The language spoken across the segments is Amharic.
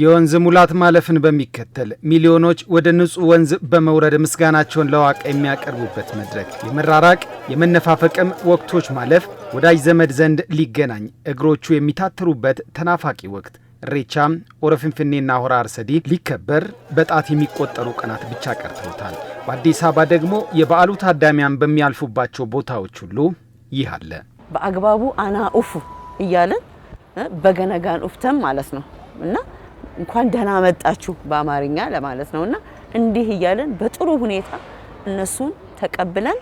የወንዝ ሙላት ማለፍን በሚከተል ሚሊዮኖች ወደ ንጹህ ወንዝ በመውረድ ምስጋናቸውን ለዋቀ የሚያቀርቡበት መድረክ የመራራቅ የመነፋፈቅም ወቅቶች ማለፍ ወዳጅ ዘመድ ዘንድ ሊገናኝ እግሮቹ የሚታተሩበት ተናፋቂ ወቅት ኢሬቻም ሆረ ፊንፊኔና ሆረ አርሰዲ ሊከበር በጣት የሚቆጠሩ ቀናት ብቻ ቀርተውታል። በአዲስ አበባ ደግሞ የበዓሉ ታዳሚያን በሚያልፉባቸው ቦታዎች ሁሉ ይህ አለ። በአግባቡ አና ኡፉ እያለን በገነጋን ኡፍተም ማለት ነው እና እንኳን ደህና መጣችሁ በአማርኛ ለማለት ነው እና እንዲህ እያለን በጥሩ ሁኔታ እነሱን ተቀብለን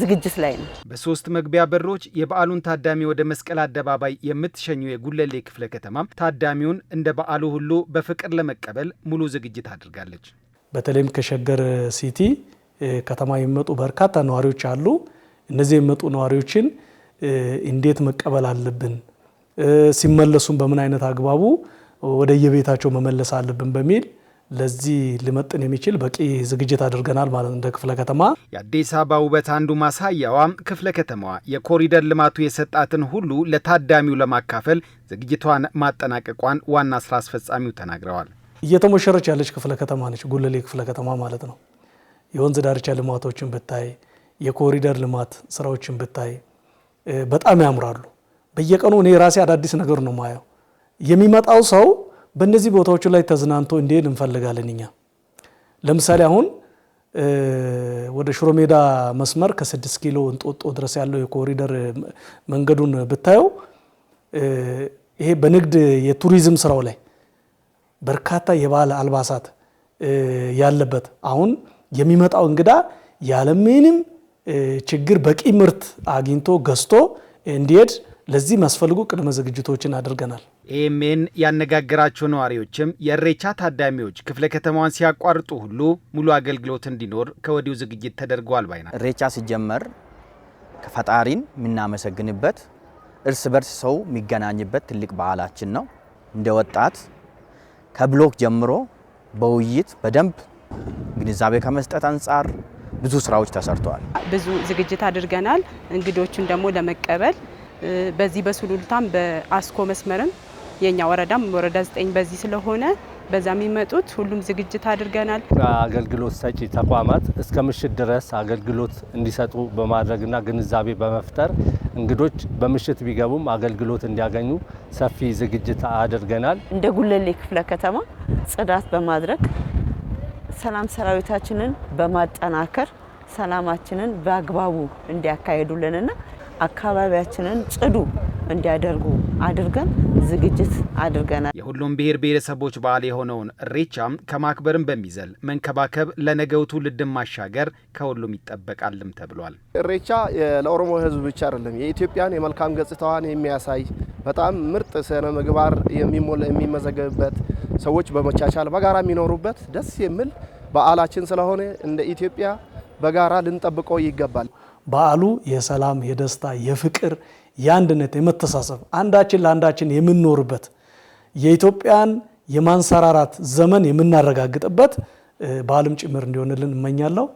ዝግጅት ላይ ነው። በሶስት መግቢያ በሮች የበዓሉን ታዳሚ ወደ መስቀል አደባባይ የምትሸኙ የጉለሌ ክፍለ ከተማ ታዳሚውን እንደ በዓሉ ሁሉ በፍቅር ለመቀበል ሙሉ ዝግጅት አድርጋለች። በተለይም ከሸገር ሲቲ ከተማ የሚመጡ በርካታ ነዋሪዎች አሉ። እነዚህ የሚመጡ ነዋሪዎችን እንዴት መቀበል አለብን፣ ሲመለሱም በምን አይነት አግባቡ ወደየቤታቸው መመለስ አለብን በሚል ለዚህ ሊመጥን የሚችል በቂ ዝግጅት አድርገናል ማለት እንደ ክፍለ ከተማ። የአዲስ አበባ ውበት አንዱ ማሳያዋ ክፍለ ከተማዋ የኮሪደር ልማቱ የሰጣትን ሁሉ ለታዳሚው ለማካፈል ዝግጅቷን ማጠናቀቋን ዋና ስራ አስፈጻሚው ተናግረዋል። እየተሞሸረች ያለች ክፍለ ከተማ ነች፣ ጉለሌ ክፍለ ከተማ ማለት ነው። የወንዝ ዳርቻ ልማቶችን ብታይ የኮሪደር ልማት ስራዎችን ብታይ በጣም ያምራሉ። በየቀኑ እኔ ራሴ አዳዲስ ነገር ነው ማየው። የሚመጣው ሰው በእነዚህ ቦታዎች ላይ ተዝናንቶ እንዲሄድ እንፈልጋለን እኛ። ለምሳሌ አሁን ወደ ሽሮ ሜዳ መስመር ከ6 ኪሎ እንጦጦ ድረስ ያለው የኮሪደር መንገዱን ብታየው ይሄ በንግድ የቱሪዝም ስራው ላይ በርካታ የባህል አልባሳት ያለበት አሁን የሚመጣው እንግዳ ያለምንም ችግር በቂ ምርት አግኝቶ ገዝቶ እንዲሄድ ለዚህ የሚያስፈልጉ ቅድመ ዝግጅቶችን አድርገናል። ኤኤምኤን ያነጋገራቸው ነዋሪዎችም የእሬቻ ታዳሚዎች ክፍለ ከተማዋን ሲያቋርጡ ሁሉ ሙሉ አገልግሎት እንዲኖር ከወዲሁ ዝግጅት ተደርጓል ባይ ናት። እሬቻ ሲጀመር ፈጣሪን የምናመሰግንበት እርስ በርስ ሰው የሚገናኝበት ትልቅ በዓላችን ነው። እንደ ወጣት ከብሎክ ጀምሮ በውይይት በደንብ ግንዛቤ ከመስጠት አንጻር ብዙ ስራዎች ተሰርተዋል። ብዙ ዝግጅት አድርገናል። እንግዶቹን ደግሞ ለመቀበል በዚህ በሱሉልታም በአስኮ መስመርም የኛ ወረዳም ወረዳ ዘጠኝ በዚህ ስለሆነ በዛ የሚመጡት ሁሉም ዝግጅት አድርገናል። አገልግሎት ሰጪ ተቋማት እስከ ምሽት ድረስ አገልግሎት እንዲሰጡ በማድረግና ግንዛቤ በመፍጠር እንግዶች በምሽት ቢገቡም አገልግሎት እንዲያገኙ ሰፊ ዝግጅት አድርገናል። እንደ ጉለሌ ክፍለ ከተማ ጽዳት በማድረግ ሰላም ሰራዊታችንን በማጠናከር ሰላማችንን በአግባቡ እንዲያካሄዱልንና አካባቢያችንን ጽዱ እንዲያደርጉ አድርገን ዝግጅት አድርገናል። የሁሉም ብሔር ብሔረሰቦች በዓል የሆነውን እሬቻም ከማክበርም በሚዘል መንከባከብ ለነገው ትውልድን ማሻገር ከሁሉም ይጠበቃልም ተብሏል። እሬቻ ለኦሮሞ ሕዝብ ብቻ አይደለም፣ የኢትዮጵያን የመልካም ገጽታዋን የሚያሳይ በጣም ምርጥ ስነ ምግባር የሚመዘገብበት ሰዎች በመቻቻል በጋራ የሚኖሩበት ደስ የሚል በዓላችን ስለሆነ እንደ ኢትዮጵያ በጋራ ልንጠብቀው ይገባል። በዓሉ የሰላም፣ የደስታ፣ የፍቅር፣ የአንድነት፣ የመተሳሰብ አንዳችን ለአንዳችን የምንኖርበት የኢትዮጵያን የማንሰራራት ዘመን የምናረጋግጥበት በዓልም ጭምር እንዲሆንልን እመኛለሁ።